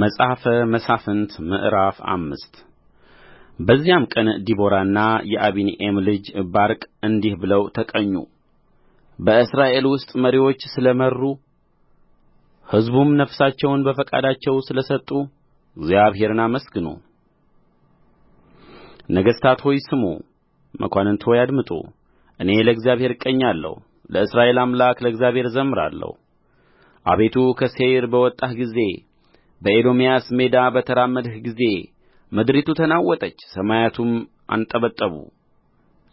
መጽሐፈ መሣፍንት ምዕራፍ አምስት በዚያም ቀን ዲቦራና የአቢኒኤም ልጅ ባርቅ እንዲህ ብለው ተቀኙ። በእስራኤል ውስጥ መሪዎች ስለ መሩ ሕዝቡም ነፍሳቸውን በፈቃዳቸው ስለ ሰጡ እግዚአብሔርን አመስግኑ። ነገሥታት ሆይ ስሙ፣ መኳንንት ሆይ አድምጡ። እኔ ለእግዚአብሔር እቀኛለሁ፣ ለእስራኤል አምላክ ለእግዚአብሔር እዘምራለሁ። አቤቱ ከሴይር በወጣህ ጊዜ በኤዶምያስ ሜዳ በተራመድህ ጊዜ ምድሪቱ ተናወጠች ሰማያቱም አንጠበጠቡ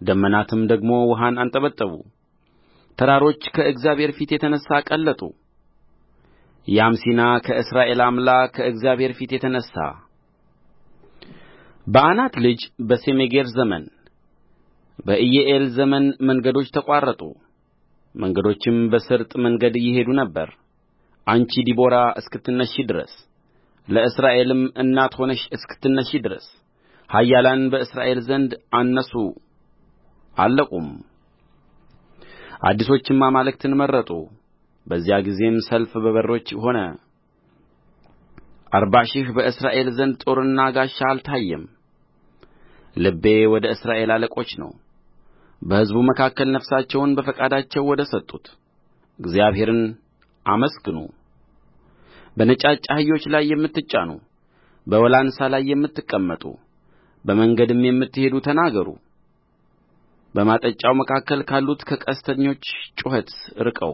ደመናትም ደግሞ ውኃን አንጠበጠቡ ተራሮች ከእግዚአብሔር ፊት የተነሣ ቀለጡ ያም ሲና ከእስራኤል አምላክ ከእግዚአብሔር ፊት የተነሣ በዓናት ልጅ በሴሜጌር ዘመን በኢየኤል ዘመን መንገዶች ተቋረጡ መንገዶችም በስርጥ መንገድ ይሄዱ ነበር አንቺ ዲቦራ እስክትነሺ ድረስ ለእስራኤልም እናት ሆነሽ እስክትነሺ ድረስ ኃያላን በእስራኤል ዘንድ አነሱ አለቁም አዲሶችም አማልክትን መረጡ በዚያ ጊዜም ሰልፍ በበሮች ሆነ አርባ ሺህ በእስራኤል ዘንድ ጦርና ጋሻ አልታየም ልቤ ወደ እስራኤል አለቆች ነው በሕዝቡ መካከል ነፍሳቸውን በፈቃዳቸው ወደ ሰጡት እግዚአብሔርን አመስግኑ በነጫጭ አህዮች ላይ የምትጫኑ በወላንሳ ላይ የምትቀመጡ በመንገድም የምትሄዱ ተናገሩ በማጠጫው መካከል ካሉት ከቀስተኞች ጩኸት ርቀው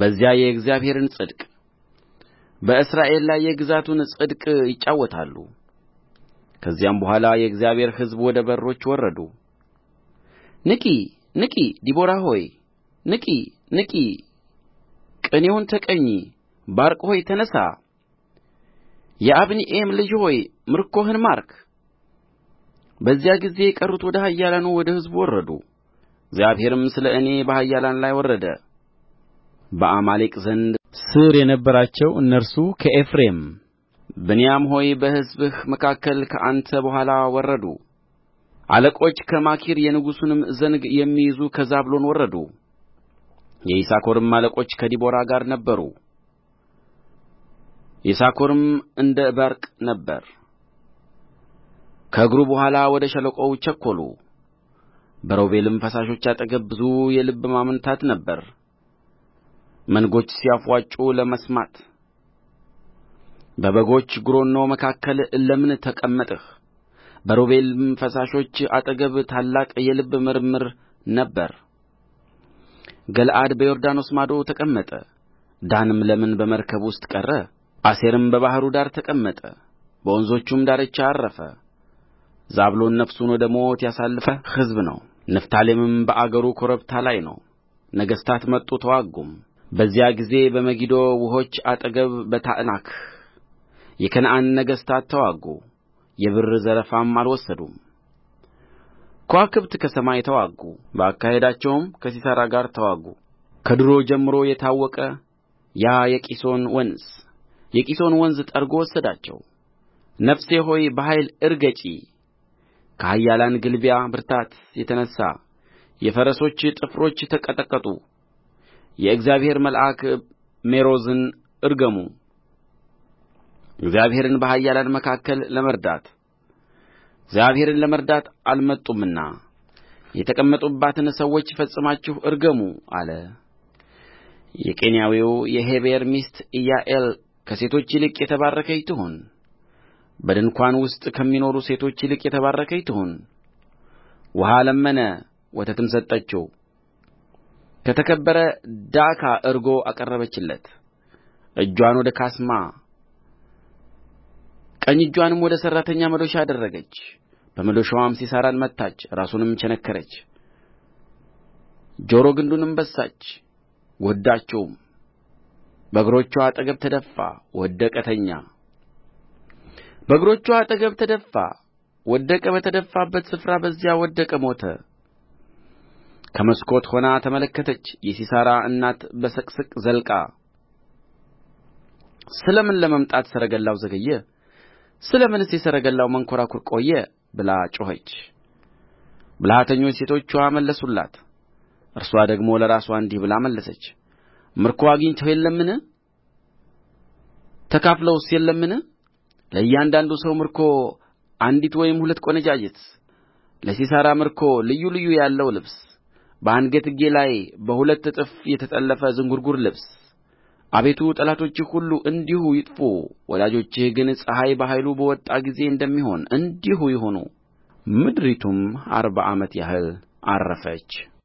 በዚያ የእግዚአብሔርን ጽድቅ በእስራኤል ላይ የግዛቱን ጽድቅ ይጫወታሉ። ከዚያም በኋላ የእግዚአብሔር ሕዝብ ወደ በሮች ወረዱ። ንቂ ንቂ ዲቦራ ሆይ ንቂ ንቂ ቅኔውን ተቀኚ ባርቅ ሆይ ተነሣ የአብኒኤም ልጅ ሆይ ምርኮህን ማርክ በዚያ ጊዜ የቀሩት ወደ ኃያላኑ ወደ ሕዝቡ ወረዱ እግዚአብሔርም ስለ እኔ በኃያላን ላይ ወረደ በአማሌቅ ዘንድ ሥር የነበራቸው እነርሱ ከኤፍሬም ብንያም ሆይ በሕዝብህ መካከል ከአንተ በኋላ ወረዱ አለቆች ከማኪር የንጉሡንም ዘንግ የሚይዙ ከዛብሎን ወረዱ የይሳኮርም አለቆች ከዲቦራ ጋር ነበሩ ይሳኮርም እንደ ባርቅ ነበረ ከእግሩ በኋላ ወደ ሸለቆው ቸኰሉ በሮቤልም ፈሳሾች አጠገብ ብዙ የልብ ማመንታት ነበረ መንጎች ሲያፍዋጩ ለመስማት በበጎች ጕረኖ መካከል ለምን ተቀመጥህ በሮቤልም ፈሳሾች አጠገብ ታላቅ የልብ ምርምር ነበረ ገለዓድ በዮርዳኖስ ማዶ ተቀመጠ ዳንም ለምን በመርከብ ውስጥ ቀረ አሴርም በባሕሩ ዳር ተቀመጠ በወንዞቹም ዳርቻ ዐረፈ ዛብሎን ነፍሱን ወደ ሞት ያሳለፈ ሕዝብ ነው ንፍታሌምም በአገሩ ኮረብታ ላይ ነው ነገሥታት መጡ ተዋጉም በዚያ ጊዜ በመጊዶ ውኆች አጠገብ በታዕናክ የከነዓን ነገሥታት ተዋጉ የብር ዘረፋም አልወሰዱም ከዋክብት ከሰማይ ተዋጉ በአካሄዳቸውም ከሲሣራ ጋር ተዋጉ ከዱሮ ጀምሮ የታወቀ ያ የቂሶን ወንዝ የቂሶን ወንዝ ጠርጎ ወሰዳቸው ነፍሴ ሆይ በኃይል እርገጪ ከኃያላን ግልቢያ ብርታት የተነሣ የፈረሶች ጥፍሮች ተቀጠቀጡ የእግዚአብሔር መልአክ ሜሮዝን እርገሙ እግዚአብሔርን በኃያላን መካከል ለመርዳት እግዚአብሔርን ለመርዳት አልመጡምና የተቀመጡባትን ሰዎች ፈጽማችሁ እርገሙ አለ የቄናዊው የሔቤር ሚስት ኢያዔል ከሴቶች ይልቅ የተባረከች ትሁን በድንኳን ውስጥ ከሚኖሩ ሴቶች ይልቅ የተባረከች ትሁን ውኃ ለመነ ወተትም ሰጠችው ከተከበረ ዳካ እርጎ አቀረበችለት እጇን ወደ ካስማ ቀኝ እጇንም ወደ ሠራተኛ መዶሻ አደረገች በመዶሻዋም ሲሣራን መታች ራሱንም ቸነከረች ጆሮ ግንዱንም በሳች ጐዳችውም። በእግሮችዋ አጠገብ ተደፋ ወደቀ ተኛ በእግሮችዋ አጠገብ ተደፋ ወደቀ በተደፋበት ስፍራ በዚያ ወድቆ ሞተ ከመስኮት ሆና ተመለከተች የሲሣራ እናት በሰቅሰቅ ዘልቃ ስለ ምን ለመምጣት ሰረገላው ዘገየ ስለ ምንስ የሰረገላው መንኰራኵር ቆየ ብላ ጮኸች ብልሃተኞች ሴቶችዋ መለሱላት እርስዋ ደግሞ ለራስዋ እንዲህ ብላ መለሰች ምርኮ አግኝተው የለምን ተካፍለውስ የለምን ለእያንዳንዱ ሰው ምርኮ አንዲት ወይም ሁለት ቈነጃጅት ለሲሣራ ምርኮ ልዩ ልዩ ያለው ልብስ በአንገትጌ ላይ በሁለት እጥፍ የተጠለፈ ዝንጕርጕር ልብስ አቤቱ ጠላቶችህ ሁሉ እንዲሁ ይጥፉ ወዳጆችህ ግን ፀሐይ በኃይሉ በወጣ ጊዜ እንደሚሆን እንዲሁ ይሁኑ ምድሪቱም አርባ ዓመት ያህል ዐረፈች